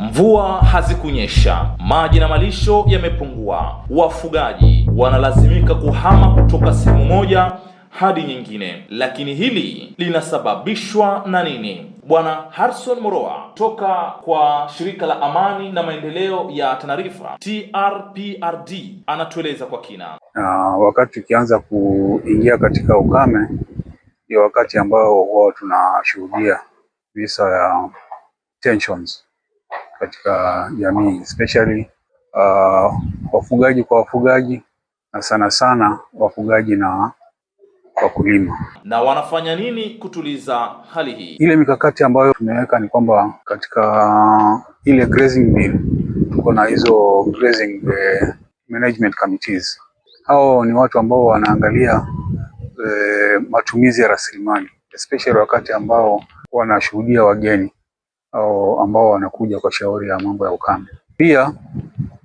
Mvua hazikunyesha, maji na malisho yamepungua, wafugaji wanalazimika kuhama kutoka sehemu moja hadi nyingine. Lakini hili linasababishwa na nini? Bwana Harrison Moroa toka kwa shirika la amani na maendeleo ya Tanarifa TRPRD anatueleza kwa kina. Na wakati tukianza kuingia katika ukame, ndio wakati ambao huwa tunashuhudia visa ya tensions katika jamii especially uh, wafugaji kwa wafugaji na sana sana wafugaji na wakulima. Na wanafanya nini kutuliza hali hii? Ile mikakati ambayo tumeweka ni kwamba katika ile grazing bill tuko na hizo grazing eh, management committees. Hao ni watu ambao wanaangalia e, matumizi ya rasilimali especially wakati ambao wanashuhudia wageni au ambao wanakuja kwa shauri ya mambo ya ukame. Pia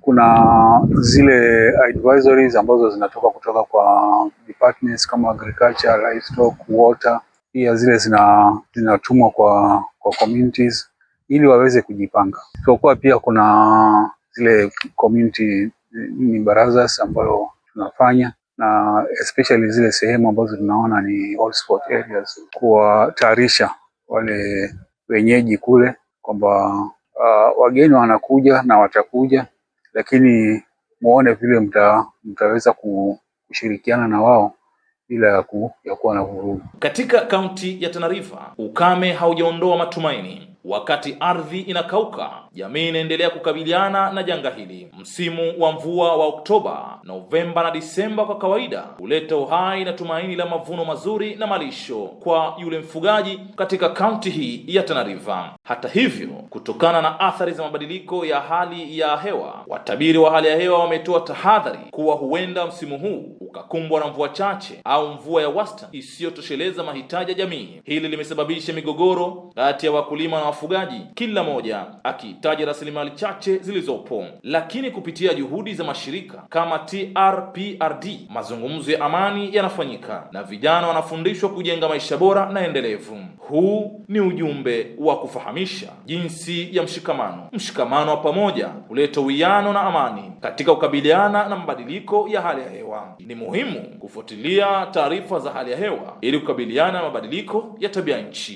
kuna zile advisories ambazo zinatoka kutoka kwa departments kama agriculture, livestock, water. Pia zile zina zinatumwa kwa kwa communities ili waweze kujipanga. Kwa pia kuna zile community ni barazas ambalo tunafanya na especially zile sehemu ambazo tunaona ni hotspot areas, kuwatayarisha wale wenyeji kule kwamba uh, wageni wanakuja na watakuja, lakini muone vile mta, mtaweza kushirikiana na wao bila ya kuwa na vurugu. Katika kaunti ya Tana River, ukame haujaondoa matumaini. Wakati ardhi inakauka, jamii inaendelea kukabiliana na janga hili. Msimu wa mvua wa Oktoba Novemba na Disemba kwa kawaida huleta uhai na tumaini la mavuno mazuri na malisho kwa yule mfugaji katika kaunti hii ya Tana River. Hata hivyo, kutokana na athari za mabadiliko ya hali ya hewa, watabiri wa hali ya hewa wametoa tahadhari kuwa huenda msimu huu ukakumbwa na mvua chache au mvua ya wastani isiyotosheleza mahitaji ya jamii. Hili limesababisha migogoro kati ya wakulima na wafugaji, kila moja akihitaji rasilimali chache zilizopo, lakini kupitia juhudi za mashirika kama TRPRD. Mazungumzo ya amani yanafanyika na vijana wanafundishwa kujenga maisha bora na endelevu. Huu ni ujumbe wa kufahamisha jinsi ya mshikamano, mshikamano wa pamoja huleta uwiano na amani katika kukabiliana na mabadiliko ya hali ya hewa. Ni muhimu kufuatilia taarifa za hali ya hewa ili kukabiliana na mabadiliko ya tabia nchi.